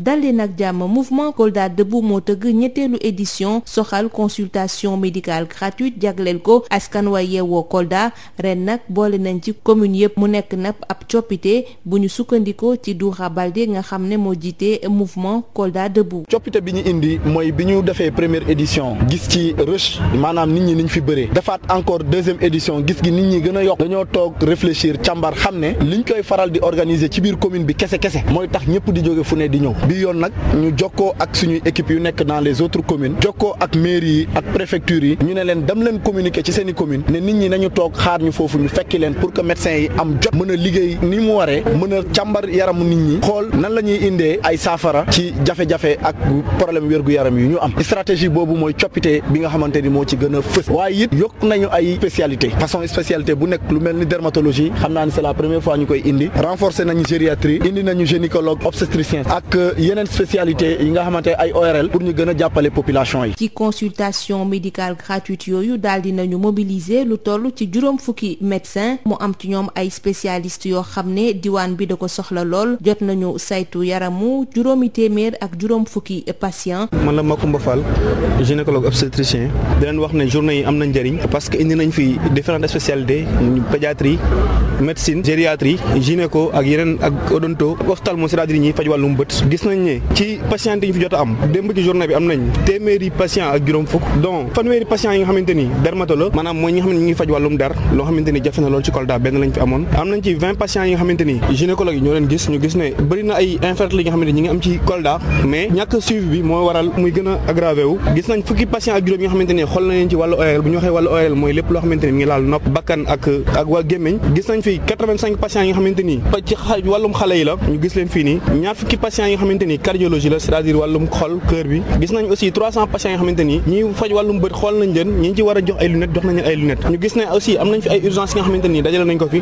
dal leen ak jàmm mouvement Kolda Debout moo tëgg ñetteelu édition soxal consultation médicale gratuite jagleel ko askan wa yeewoo Kolda ren nag boole nañ ci commune yëpp mu nekk nag ab coppite bu ñu sukkandikoo ci Doura Baldé nga xam ne moo jiite mouvement Kolda Debout. coppite bi ñu indi mooy bi ñu defee première édition gis ci rush maanaam nit ñi niñ fi bëree defaat encore deuxième édition gis gi nit ñi gën a yokk dañoo toog réfléchir càmbar xam ne liñ koy faral di organiser ci biir commune bi kese kese mooy tax ñëpp di jóge fu di ñëw bi yoon nag ñu jokkoo ak suñuy équipe yu nekk dans les autres communes jokkoo ak mairie yi ak préfecture yi ñu ne leen dem leen communiquer ci seen i commune ne nit ñi nañu toog xaar ñu foofu ñu fekki leen pour que médecins yi am jot mën a liggéey ni mu waree mën a càmbar yaramu nit ñi xool nan la ñuy indee ay saafara ci jafe-jafe ak problème wér yaram yu ñu am stratégie boobu mooy coppite bi nga xamante ni moo ci gën a fës waaye it yokk nañu ay spécialité façon spécialité bu nekk lu mel ni dermatologie xam naa ni c'est la ñu koy indi renforcer nañu gériatrie indi nañu gynécologue obstétricien ak yeneen spécialité yi nga xamante ay ORL pour ñu gën a jàppale population yi. ci consultation médicale gratuite yooyu daal nañu mobiliser lu toll ci juróom fukki médecin mu am ci ñoom ay spécialistes yoo xam ne diwaan bi da ko soxla lool jot nañu saytu yaramu juróomi téeméer ak juróom fukki patient man la Macoumba Fall gynécologue obstétricien di leen wax ne journée yi am na njëriñ parce que indi nañ fi différentes spécialités pédiatrie médecine gériatrie gynéco nañ ne ci patient yi ñu fi jot a nga xamante ni dermatologue maanaam mooy ñi nga ñu ngi faj wàllum der loo xamante jafe na lool ci Kolda benn lañ fi amoon am nañ ci vingt yi nga xamante ni yi ñoo leen gis ñu gis ne bëri na ay infertilité yi nga xamante ñi ngi am ci Kolda mais ñàkk suivi bi moo waral muy gën a gis nañ fukki patient yi nga xamante ni ci wàllu ORL xale yi la ñu gis leen fii nii ñaar fukki patient yi nga xamante xamante cardiologie la cest wàllum xol cœur bi gis nañ aussi 300 patients yoo xamante ni ñi faj wàllum bët xool nañ leen ñi ci war a jox ay lunettes jox nañ ay lunettes ñu gis ne aussi am nañ fi ay urgence yi nga xamante dajale nañ ko fi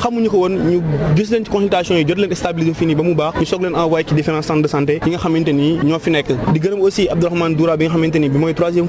comme ñu gis leen consultation yi jot leen stabiliser fii nii ba mu baax ñu soog leen envoyé ci différents centres de santé yi nga xamante ñoo fi nekk di gërëm aussi Abdourahmane Doura bi nga xamante bi mooy troisième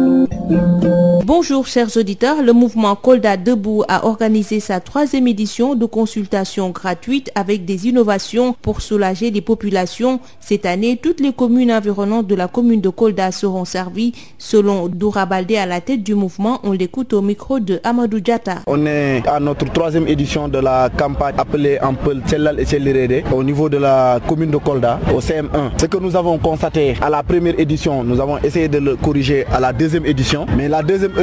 thank you Bonjour chers auditeurs, le mouvement Kolda Debout a organisé sa troisième édition de consultation gratuite avec des innovations pour soulager les populations. Cette année, toutes les communes environnantes de la commune de Kolda seront servies selon Doura à la tête du mouvement. On l'écoute au micro de Amadou Diata. On est à notre troisième édition de la campagne appelée en Peul et Tchelirede au niveau de la commune de Kolda à la première édition, à la deuxième édition,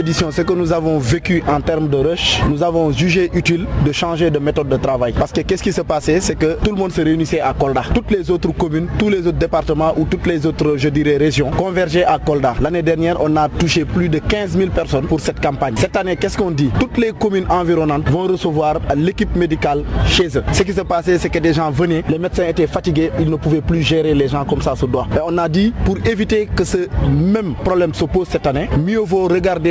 deuxième nous avons vécu en termes de rush, nous avons jugé utile de changer de méthode de travail. Parce que qu'est-ce qui se passait C'est que tout le monde se réunissait à Kolda. Toutes les autres communes, tous les autres départements ou toutes les autres, je dirais, régions convergeaient à Kolda. L'année dernière, on a touché plus de personnes pour cette campagne. Cette année, qu'est-ce qu'on dit Toutes les communes environnantes vont recevoir l'équipe médicale chez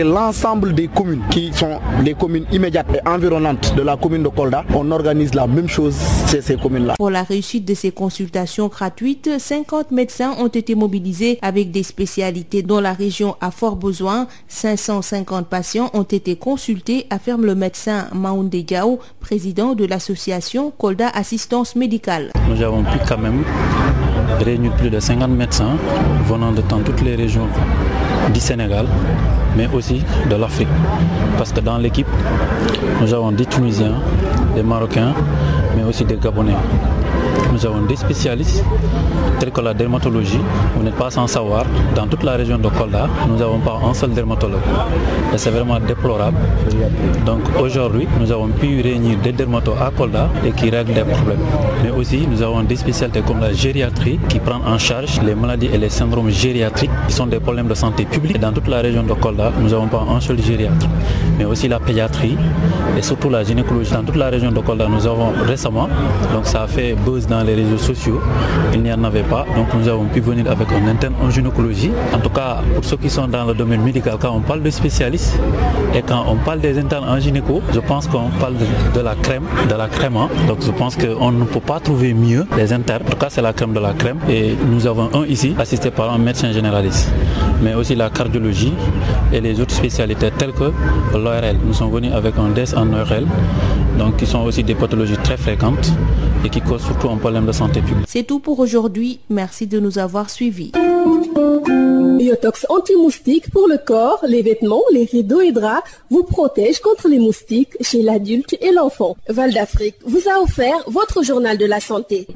l'ensemble des communes qui sont les communes immédiates et environnantes de la commune de Kolda, on organise la même chose chez ces communes-là. Pour la réussite de ces consultations gratuites, 50 médecins ont été mobilisés avec des spécialités dont la région a fort besoin. 550 patients ont été consultés, affirme le médecin Maoundé Gao, président de l'association Kolda Assistance Médicale. Nous avons pu quand même réunir plus de 50 médecins venant de dans toutes les régions du Sénégal, mais aussi de l'Afrique. Parce que dans l'équipe, nous avons des Tunisiens, des Marocains, mais aussi des Gabonais. Nous avons des spécialistes tels que la dermatologie. Vous n'êtes pas sans savoir, dans toute la région de Kolda, nous n'avons pas un seul dermatologue. Et c'est vraiment déplorable. Donc aujourd'hui, nous avons pu réunir des dermatos à Kolda et qui règlent des problèmes. Mais aussi, nous avons des spécialités comme la gériatrie qui prend en charge les maladies et les syndromes gériatriques qui sont des problèmes de santé publique. Et dans toute la région a dans les réseaux sociaux, il n'y en avait pas. Donc nous avons pu venir avec un interne en gynécologie. En tout cas, pour ceux qui sont dans le domaine médical, quand on parle de spécialistes et quand on parle des internes en gynéco, je pense qu'on parle de, la crème, de la crème. Et nous avons un ici, assisté par un médecin généraliste, mais aussi la cardiologie et les autres spécialités telles que l'ORL. Nous sommes venus avec un DES en ORL, donc qui sont problèmes de santé publique. C'est tout pour aujourd'hui. Merci de nous avoir suivis. Biotox anti-moustique pour le corps, les vêtements, les rideaux et draps vous protège contre les moustiques chez l'adulte et l'enfant. Val d'Afrique vous a offert votre journal de la santé.